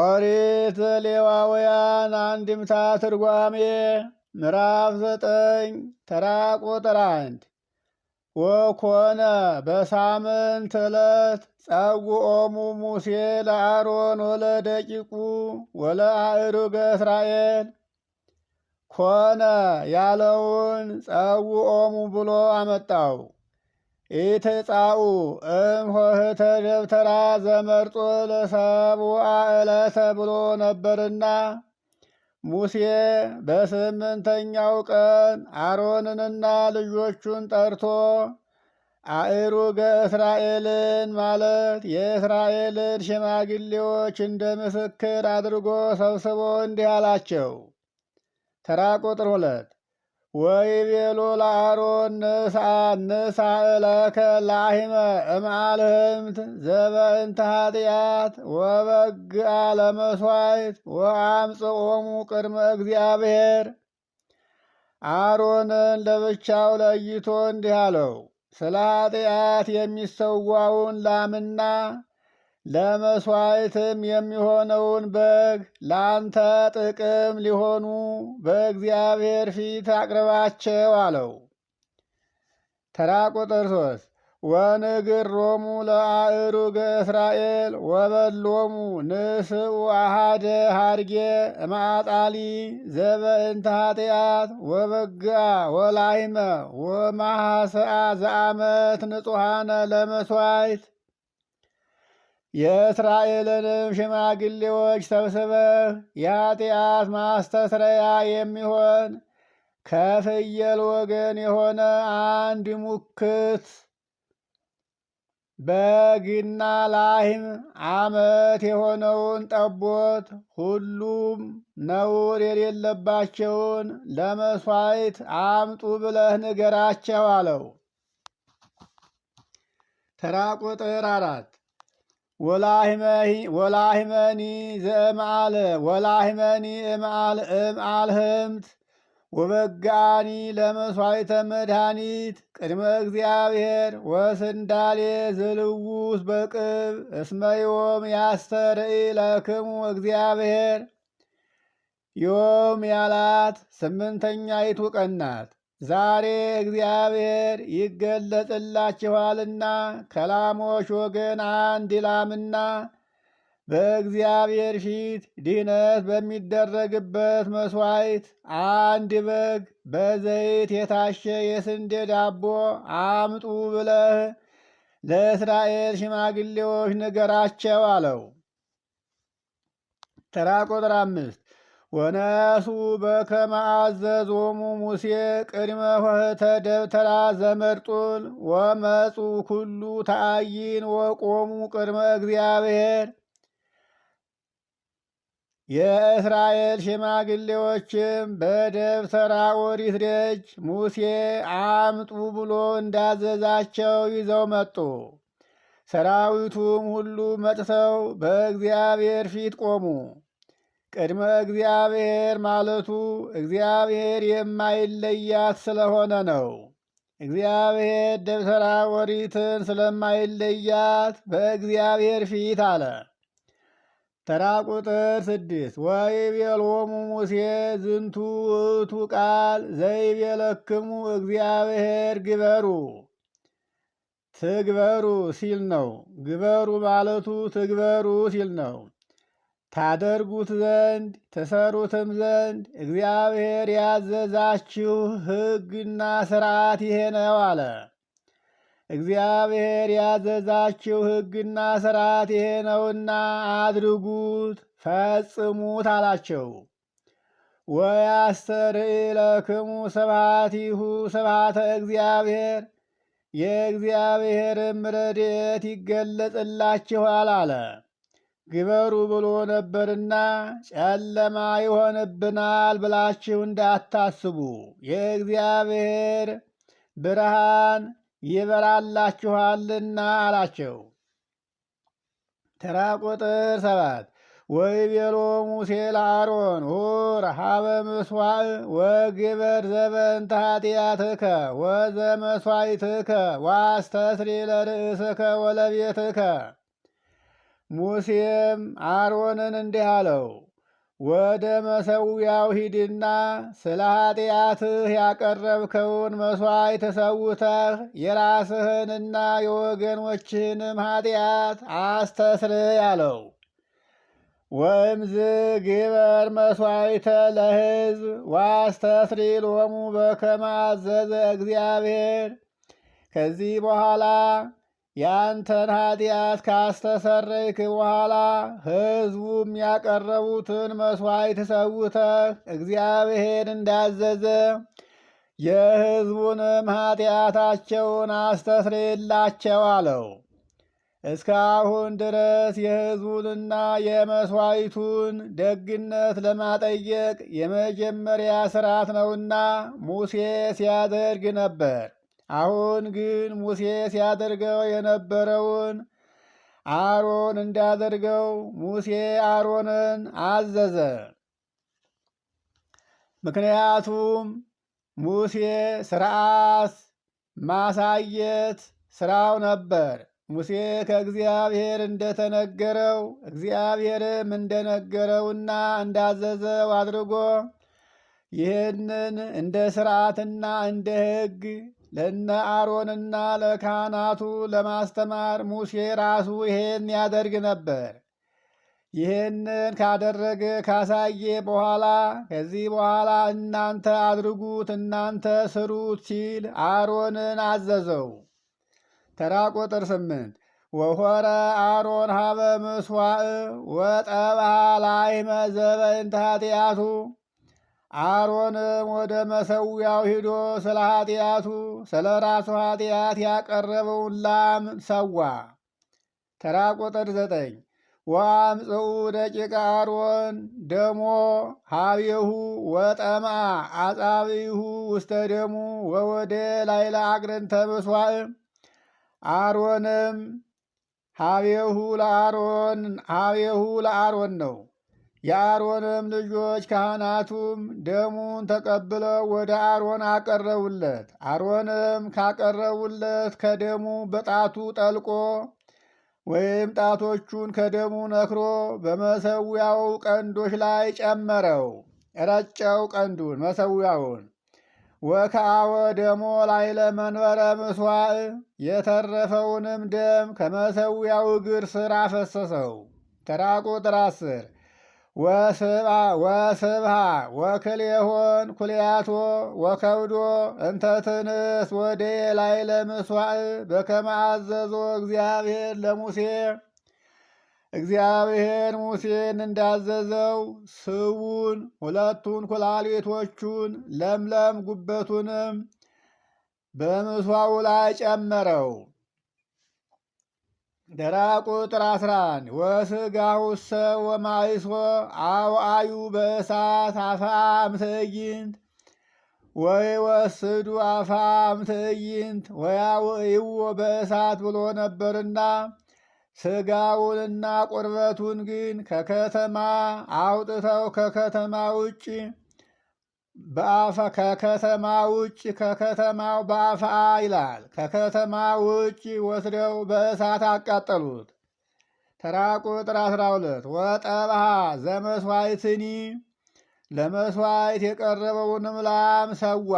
ኦሪት ዘሌዋውያን አንድምታ ትርጓሜ ምዕራፍ ዘጠኝ ተራ ቁጥር አንድ ወኮነ በሳምንት ዕለት ጸጉኦሙ ሙሴ ለአሮን ወለደቂቁ ወለአእሩገ እስራኤል ኮነ ያለውን ኦሙ ብሎ አመጣው። ኢትጻኡ እምሆህተ ደብተራ ዘመርጦ ለሰቡአ ዕለተ ብሎ ነበርና ሙሴ በስምንተኛው ቀን አሮንንና ልጆቹን ጠርቶ አእሩገ እስራኤልን ማለት የእስራኤልን ሽማግሌዎች እንደ ምስክር አድርጎ ሰብስቦ እንዲህ አላቸው። ተራ ቁጥር ሁለት ወይቤሎ ለአሮን ንሳ ንሳ እለከ ላሂመ እምአልህምት ዘበእንተ ኃጢአት ወበግአ ለመስዋይት ወአምጽኦሙ ቅድመ እግዚአብሔር። አሮንን ለብቻው ለይቶ እንዲህ አለው፣ ስለ ኃጢአት የሚሰዋውን ላምና ለመሥዋዕትም የሚሆነውን በግ ለአንተ ጥቅም ሊሆኑ በእግዚአብሔር ፊት አቅርባቸው አለው። ተራ ቁጥር ሶስት ወንግር ሮሙ ለአእሩግ እስራኤል ወበሎሙ ንስኡ አሃደ ሃርጌ ማጣሊ ዘበእንተ ኃጢአት ወበግአ ወላይመ ወማሐሰአ ዘአመት ንጹሐነ ለመሥዋዕት የእስራኤልንም ሽማግሌዎች ሰብስበህ የኃጢአት ማስተስረያ የሚሆን ከፍየል ወገን የሆነ አንድ ሙክት በግና ላህም አመት የሆነውን ጠቦት ሁሉም ነውር የሌለባቸውን ለመሥዋዕት አምጡ ብለህ ንገራቸው አለው። ተራ ቁጥር አራት ወላህመኒ ዘእምአለ ወላህመኒ ህምት ወበጋኒ ለመሥዋዕተ መድኃኒት ቅድመ እግዚአብሔር ወስንዳሌ ዝልውስ በቅብ እስመዮም ያስተርኢ ለክሙ እግዚአብሔር ዮም ያላት ስምንተኛይቱ ቀን ናት። ዛሬ እግዚአብሔር ይገለጥላችኋልና ከላሞች ወገን አንድ ላምና በእግዚአብሔር ፊት ድህነት በሚደረግበት መሥዋዕት አንድ በግ በዘይት የታሸ የስንዴ ዳቦ አምጡ ብለህ ለእስራኤል ሽማግሌዎች ንገራቸው አለው። ተራ ቁጥር አምስት ወነሱ በከመ አዘዞሙ ሙሴ ቅድመ ኆኅተ ደብተራ ዘመርጡል ወመጹ ኩሉ ተአይን ወቆሙ ቅድመ እግዚአብሔር። የእስራኤል ሽማግሌዎችም በደብተራ ኦሪት ደጅ ሙሴ አምጡ ብሎ እንዳዘዛቸው ይዘው መጡ። ሰራዊቱም ሁሉ መጥተው በእግዚአብሔር ፊት ቆሙ። ቅድመ እግዚአብሔር ማለቱ እግዚአብሔር የማይለያት ስለሆነ ነው። እግዚአብሔር ደብተራ ኦሪትን ስለማይለያት በእግዚአብሔር ፊት አለ። ተራ ቁጥር ስድስት ወይቤሎሙ ሙሴ ዝንቱ ውእቱ ቃል ዘይቤለክሙ እግዚአብሔር ግበሩ ትግበሩ ሲል ነው። ግበሩ ማለቱ ትግበሩ ሲል ነው። ታደርጉት ዘንድ ተሰሩትም ዘንድ እግዚአብሔር ያዘዛችሁ ሕግና ሥርዓት ይሄ ነው አለ። እግዚአብሔር ያዘዛችሁ ሕግና ሥርዓት ይሄ ነውና አድርጉት፣ ፈጽሙት አላቸው። ወያስተር ለክሙ ስብሐቲሁ ስብሐተ እግዚአብሔር የእግዚአብሔርም ረድኤት ይገለጽላችኋል አለ። ግበሩ ብሎ ነበርና ጨለማ ይሆንብናል ብላችሁ እንዳታስቡ፣ የእግዚአብሔር ብርሃን ይበራላችኋልና አላቸው። ተራ ቁጥር ሰባት ወይቤሎ ሙሴ ለአሮን ሁር ሀበ ምስዋዕ ወግበር ዘበንተ ኃጢአትከ ወዘመስዋዕትከ ዋስተስሪ ለርእስከ ወለቤትከ ሙሴም አሮንን እንዲህ አለው፣ ወደ መሰዊያው ሂድና ስለ ኃጢአትህ ያቀረብከውን መሥዋዕት ተሰውተህ የራስህንና የወገኖችህንም ኃጢአት አስተስርይ አለው። ወእምዝ ግበር መሥዋዕተ ለሕዝብ ዋስተስሪ ሎሙ በከማዘዘ እግዚአብሔር። ከዚህ በኋላ ያንተን ኃጢአት ካስተሰረይክ በኋላ ሕዝቡም ያቀረቡትን መሥዋዕት ሰውተህ እግዚአብሔር እንዳዘዘ የሕዝቡንም ኃጢአታቸውን አስተስሬላቸው አለው። እስካሁን ድረስ የሕዝቡንና የመሥዋዕቱን ደግነት ለማጠየቅ የመጀመሪያ ሥርዓት ነውና ሙሴ ሲያደርግ ነበር። አሁን ግን ሙሴ ሲያደርገው የነበረውን አሮን እንዳደርገው ሙሴ አሮንን አዘዘ። ምክንያቱም ሙሴ ስርዓት ማሳየት ስራው ነበር። ሙሴ ከእግዚአብሔር እንደተነገረው እግዚአብሔርም እንደነገረውና እንዳዘዘው አድርጎ ይህንን እንደ ስርዓትና እንደ ሕግ ለነ አሮንና ለካህናቱ ለማስተማር ሙሴ ራሱ ይሄን ያደርግ ነበር። ይህንን ካደረገ ካሳየ በኋላ ከዚህ በኋላ እናንተ አድርጉት እናንተ ስሩት ሲል አሮንን አዘዘው። ተራ ቁጥር ስምንት ወሆረ አሮን ሀበ ምስዋእ ወጠባ ላይመ ዘበእንተ አሮንም ወደ መሰዊያው ሂዶ ስለ ኃጢአቱ ስለ ራሱ ኃጢአት ያቀረበውን ላም ሰዋ። ተራ ቁጥር ዘጠኝ ወአምጽኡ ደቂቀ አሮን ደሞ ሀቢሁ ወጠማ አጻቢሁ ውስተ ደሙ ወወደ ላይለ አግረን ተመስዋዕ አሮንም ሀቤሁ ለአሮን ሀቤሁ ለአሮን ነው። የአሮንም ልጆች ካህናቱም ደሙን ተቀብለው ወደ አሮን አቀረቡለት። አሮንም ካቀረቡለት ከደሙ በጣቱ ጠልቆ ወይም ጣቶቹን ከደሙ ነክሮ በመሰዊያው ቀንዶች ላይ ጨመረው፣ ረጨው ቀንዱን መሰዊያውን ወከአወ ደሞ ላይ ለመንበረ ምስዋዕ የተረፈውንም ደም ከመሰዊያው እግር ስር አፈሰሰው። ተራቁ ቁጥር አስር ወስብአ ወክል ወክልኤሆን ኩልያቶ ወከብዶ እንተ ትንስ ወደ ላይ ለምስዋዕ በከመ አዘዞ እግዚአብሔር ለሙሴ እግዚአብሔር ሙሴን እንዳዘዘው ስቡን ሁለቱን ኩላሊቶቹን ለምለም ጉበቱንም በምስዋው ላይ ጨመረው። ደራ ቁጥር አስራን ወስጋውሰ ወማይሶ አውአዩ በእሳት ትዕይንት ወይ ወስዱ አፋም ትዕይንት ወያውእይዎ በእሳት ብሎ ነበርና ስጋውንና ቁርበቱን ግን ከከተማ አውጥተው ከከተማ ውጭ ከከተማ ውጭ ከከተማው በአፋ ይላል ከከተማ ውጭ ወስደው በእሳት አቃጠሉት። ተራ ቁጥር 12 ወጠብሃ ዘመስዋይትኒ ለመስዋይት የቀረበውንም ላም ሰዋ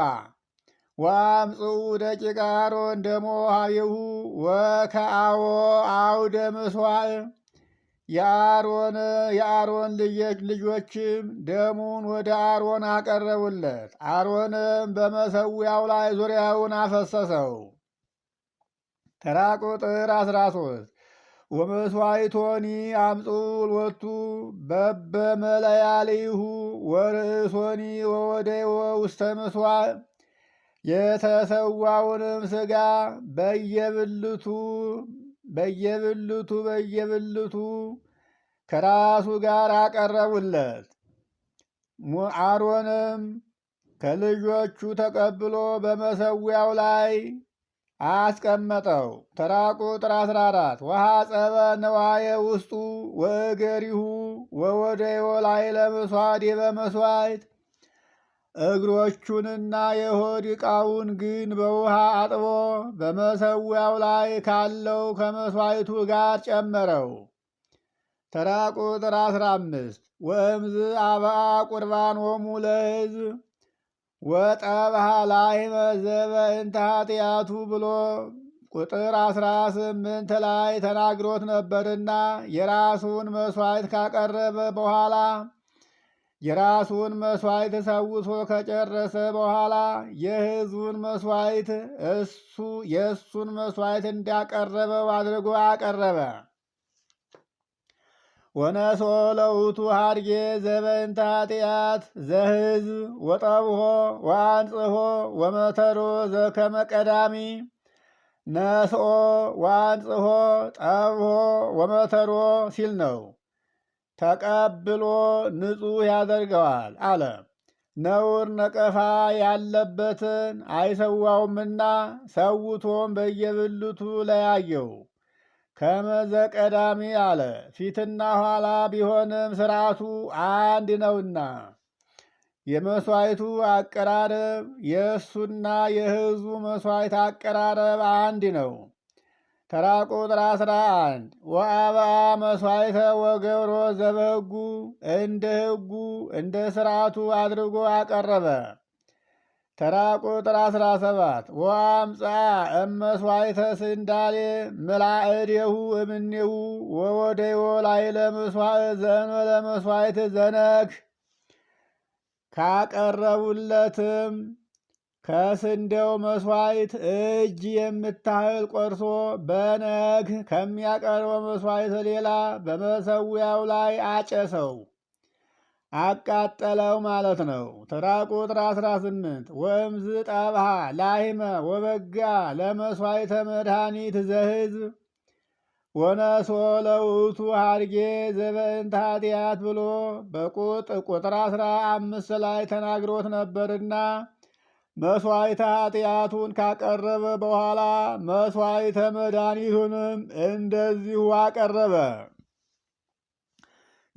ወአምጽኡ ደቂቀ አሮን ደሞ ሀቢሁ ወከአዎ አውደ መስዋዕ የአሮን ልጆችም ደሙን ወደ አሮን አቀረቡለት። አሮንም በመሰዊያው ላይ ዙሪያውን አፈሰሰው። ተራ ቁጥር አስራ ሶስት ወመስዋይቶኒ አምፁ ወቱ በበመለያሊሁ ወርእሶኒ ወወደይወ ውስተ ምስዋዕ የተሰዋውንም ስጋ በየብልቱ በየብልቱ በየብልቱ ከራሱ ጋር አቀረቡለት። አሮንም ከልጆቹ ተቀብሎ በመሰዊያው ላይ አስቀመጠው። ተራ ቁጥር 14 ውሃ ጸበ ነዋየ ውስጡ ወእገሪሁ ወወደዮ ላይ ለመስዋድ በመስዋይት እግሮቹንና የሆድ ዕቃውን ግን በውሃ አጥቦ በመሰዊያው ላይ ካለው ከመሥዋዕቱ ጋር ጨመረው። ተራ ቁጥር 15 ወእምዝ አብአ ወሙ ለሕዝብ ወጠብሃ ላይ መዘበ እንተ ኃጢአቱ ብሎ ቁጥር 18 ላይ ተናግሮት ነበርና የራሱን መሥዋዕት ካቀረበ በኋላ የራሱን መስዋዕት ሰውቶ ከጨረሰ በኋላ የህዝቡን መስዋዕት እሱ የእሱን መስዋዕት እንዳቀረበው አድርጎ አቀረበ። ወነሶ ለውቱ ሃድጌ ዘበንታ ጢአት ዘሕዝብ ወጠብሆ ወአንጽሖ ወመተሮ ዘከመቀዳሚ ነስኦ ወአንጽሖ ጠብሆ ወመተሮ ሲል ነው። ተቀብሎ ንጹሕ ያደርገዋል አለ። ነውር ነቀፋ ያለበትን አይሰዋውምና ሰውቶም በየብልቱ ለያየው። ከመዘቀዳሚ አለ ፊትና ኋላ ቢሆንም ስርዓቱ አንድ ነውና የመስዋዕቱ አቀራረብ የእሱና የሕዝቡ መስዋዕት አቀራረብ አንድ ነው። ተራ ቁጥር አስራ አንድ ወአብአ መሥዋዕተ ወገብሮ ዘበጉ እንደ ህጉ እንደ ሥርዓቱ አድርጎ አቀረበ። ተራ ቁጥር አስራ ሰባት ወአምጽአ እመሥዋዕተ ስንዳሌ ምላእዴሁ እምኔሁ ወወደይዎ ላይ መሥዋዕ ዘኖ ለመስዋይት ዘነክ ካቀረቡለትም ከስንዴው መስዋዕት እጅ የምታህል ቆርሶ በነግ ከሚያቀርበው መስዋዕት ሌላ በመሰዊያው ላይ አጨሰው፣ አቃጠለው ማለት ነው። ተራ ቁጥር 18 ወእምዝ ጠብሃ ላይመ ወበጋ ለመስዋዕተ መድኃኒት ዘህዝብ ወነሶ ለውቱ አድጌ ዘበእንተ ኃጢአት ብሎ በቁጥ ቁጥር አስራ አምስት ላይ ተናግሮት ነበርና መስዋዕተ ኃጢአቱን ካቀረበ በኋላ መስዋዕተ መድኃኒቱንም እንደዚሁ አቀረበ።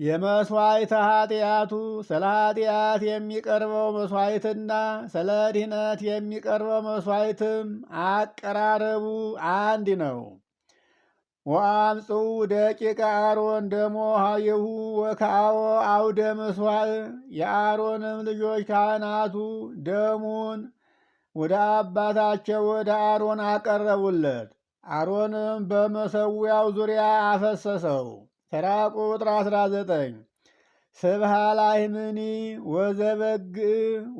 የመስዋዕተ ኃጢአቱ ስለ ኃጢአት የሚቀርበው መስዋዕትና ስለ ድህነት የሚቀርበው መስዋዕትም አቀራረቡ አንድ ነው። ወአምፅው ደቂቀ አሮን ደሞ ሀየሁ ወከአዎ አውደ መስዋዕ የአሮንም ልጆች ካህናቱ ደሙን ወደ አባታቸው ወደ አሮን አቀረቡለት። አሮንም በመሰዊያው ዙሪያ አፈሰሰው። ተራ ቁጥር 19 ስብሃ ላህምኒ ወዘበግ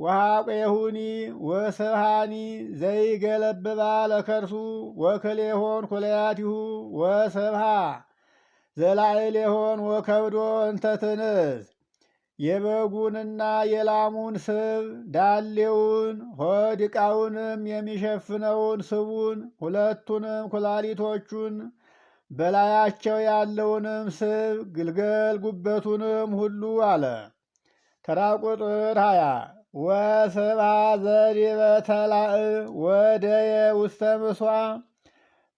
ወሃቄሁኒ ወስብሃኒ ዘይገለብባ ለከርሱ ወክሌሆን ኩለያቲሁ ወስብሃ የሆን ወከብዶ እንተትንዝ የበጉንና የላሙን ስብ ዳሌውን ሆድ የሚሸፍነውን ስቡን ሁለቱንም ኩላሊቶቹን በላያቸው ያለውንም ስብ ግልገል ጉበቱንም ሁሉ አለ። ተራ ቁጥር ሀያ ወሰባ ዘዲበ በተላእ ወደየ ውስተ ምሷ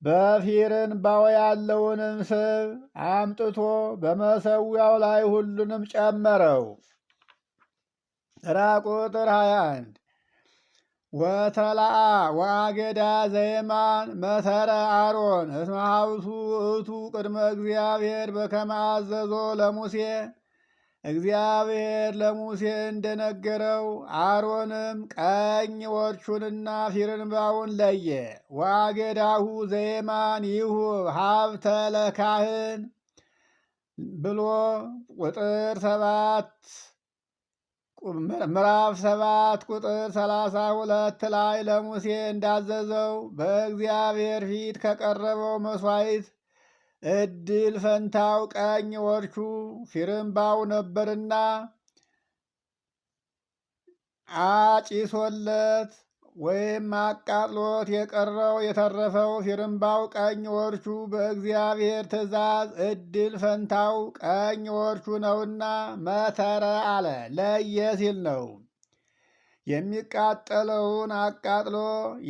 በፊርንባው ያለውንም ስብ አምጥቶ በመሰዊያው ላይ ሁሉንም ጨመረው። ተራ ቁጥር 21 ወተላአ ወአገዳ ዘየማን መተረ አሮን እስመ ሀብቱ እቱ ቅድመ እግዚአብሔር በከመ አዘዞ ለሙሴ እግዚአብሔር ለሙሴ እንደነገረው አሮንም ቀኝ ወርቹንና ፊርንባውን ለየ። ወአገዳሁ ዘየማን ይሁብ ሀብተ ለካህን ብሎ ቁጥር ሰባት ምዕራፍ ሰባት ቁጥር ሰላሳ ሁለት ላይ ለሙሴ እንዳዘዘው በእግዚአብሔር ፊት ከቀረበው መስዋዕት እድል ፈንታው ቀኝ ወርቹ ፊርምባው ነበርና አጭሶለት ወይም አቃጥሎት የቀረው የተረፈው ፊርምባው ቀኝ ወርቹ በእግዚአብሔር ትእዛዝ እድል ፈንታው ቀኝ ወርቹ ነውና መተረ አለ ለየ ሲል ነው። የሚቃጠለውን አቃጥሎ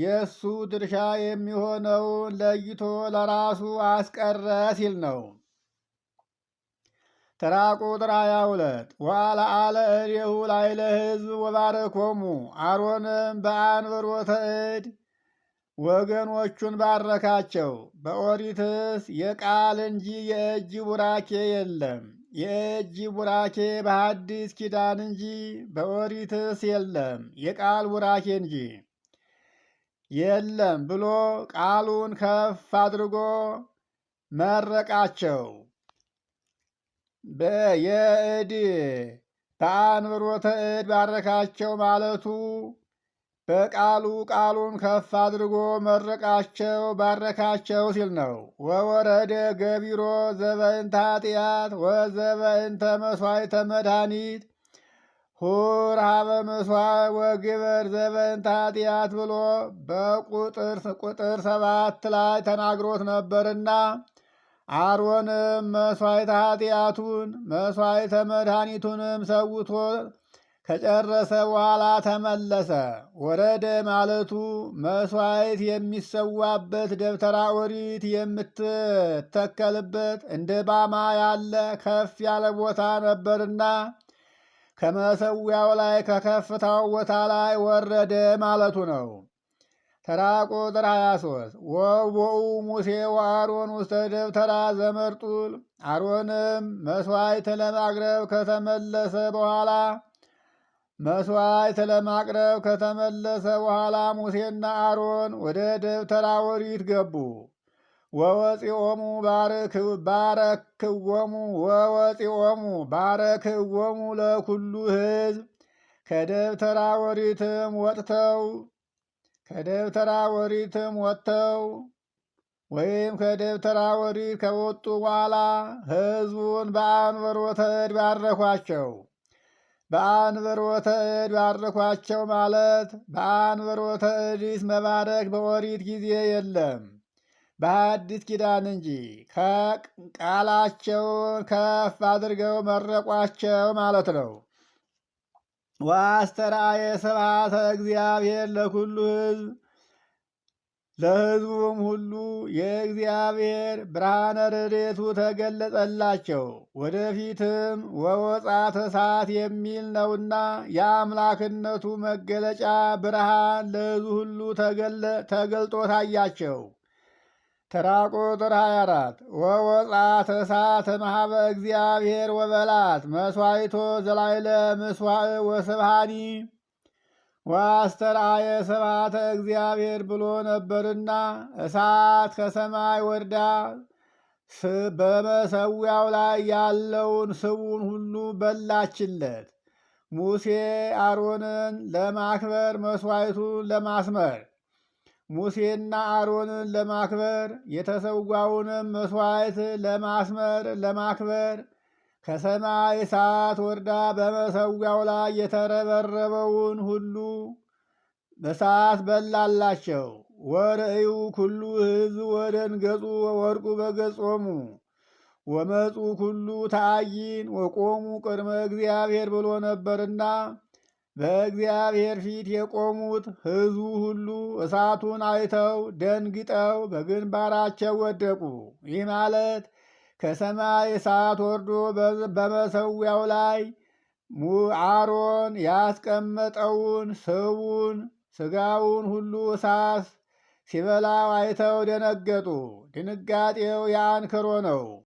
የእሱ ድርሻ የሚሆነውን ለይቶ ለራሱ አስቀረ ሲል ነው። ተራ ቁጥር ሃያ ሁለት አለ እዴሁ ላይለ ሕዝብ ወባረኮሙ አሮንም በአንብሮተ እድ ወገኖቹን ባረካቸው። በኦሪትስ የቃል እንጂ የእጅ ቡራኬ የለም። የእጅ ቡራኬ በሐዲስ ኪዳን እንጂ በኦሪትስ የለም፣ የቃል ቡራኬ እንጂ የለም ብሎ ቃሉን ከፍ አድርጎ መረቃቸው። በየእድ ተአንብሮተ እድ ባረካቸው ማለቱ በቃሉ ቃሉን ከፍ አድርጎ መረቃቸው ባረካቸው ሲል ነው። ወወረደ ገቢሮ ዘበእንተ ኃጢአት ወዘበእንተ መስዋዕተ መድኃኒት ሁር ሀበ መስዋዕ ወግበር ዘበእንተ ኃጢአት ብሎ በቁጥር ቁጥር ሰባት ላይ ተናግሮት ነበርና አሮንም መስዋዕተ ኃጢአቱን መስዋዕተ መድኃኒቱንም ሰውቶ ከጨረሰ በኋላ ተመለሰ። ወረደ ማለቱ መስዋዕት የሚሰዋበት ደብተራ ኦሪት የምትተከልበት እንደ ባማ ያለ ከፍ ያለ ቦታ ነበርና ከመሰዊያው ላይ ከከፍታው ቦታ ላይ ወረደ ማለቱ ነው። ተራ ቁጥር 23 ወቦኡ ሙሴ ወአሮን ውስተ ደብተራ ዘመርጡል። አሮንም መስዋዕት ለማቅረብ ከተመለሰ በኋላ መስዋዕት ለማቅረብ ከተመለሰ በኋላ ሙሴና አሮን ወደ ደብተራ ኦሪት ገቡ። ወወፂኦሙ ባረክዎሙ ወወፂኦሙ ባረክዎሙ ለኩሉ ሕዝብ ከደብተራ ኦሪትም ወጥተው ከደብተራ ወሪትም ወጥተው ወይም ከደብተራ ወሪት ከወጡ በኋላ ህዝቡን በአንበሮተ እድ ባረኳቸው። በአንበሮተ እድ ባረኳቸው ማለት በአንበሮተ እዲስ መባረክ በወሪት ጊዜ የለም፣ በአዲስ ኪዳን እንጂ። ከቃላቸውን ከፍ አድርገው መረቋቸው ማለት ነው። ዋስተርአየ ስብሐተ እግዚአብሔር ለኩሉ ህዝብ ለህዝቡም ሁሉ የእግዚአብሔር ብርሃነ ረድኤቱ ተገለጸላቸው። ወደፊትም ወወጣተ እሳት የሚል ነውና የአምላክነቱ መገለጫ ብርሃን ለህዝቡ ሁሉ ተገልጦ ታያቸው። ተራ ቁጥር 24 ወወፃት እሳተ ማሃበ እግዚአብሔር ወበላት መስዋይቶ ዘላይለ ምስዋዕ ወስብሃኒ ዋስተርአየ ስብሃተ እግዚአብሔር ብሎ ነበርና እሳት ከሰማይ ወርዳ በመሰዊያው ላይ ያለውን ስቡን ሁሉ በላችለት። ሙሴ አሮንን ለማክበር መስዋዕቱን ለማስመር ሙሴና አሮንን ለማክበር የተሰዋውንም መስዋዕት ለማስመር ለማክበር ከሰማይ እሳት ወርዳ በመሰዊያው ላይ የተረበረበውን ሁሉ በሳት በላላቸው። ወርእዩ ኩሉ ሕዝብ ወደን ገጹ ወወርቁ በገጾሙ ወመፁ ኩሉ ተአይን ወቆሙ ቅድመ እግዚአብሔር ብሎ ነበርና በእግዚአብሔር ፊት የቆሙት ሕዝቡ ሁሉ እሳቱን አይተው ደንግጠው በግንባራቸው ወደቁ። ይህ ማለት ከሰማይ እሳት ወርዶ በመሰዊያው ላይ አሮን ያስቀመጠውን ስቡን፣ ስጋውን ሁሉ እሳት ሲበላው አይተው ደነገጡ። ድንጋጤው የአንክሮ ነው።